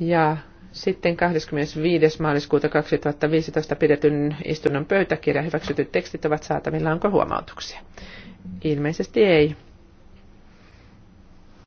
Ja sitten 25. maaliskuuta 2015 pidetyn istunnon pöytäkirja hyväksytyt tekstit ovat saatavilla. Onko huomautuksia? Ilmeisesti ei.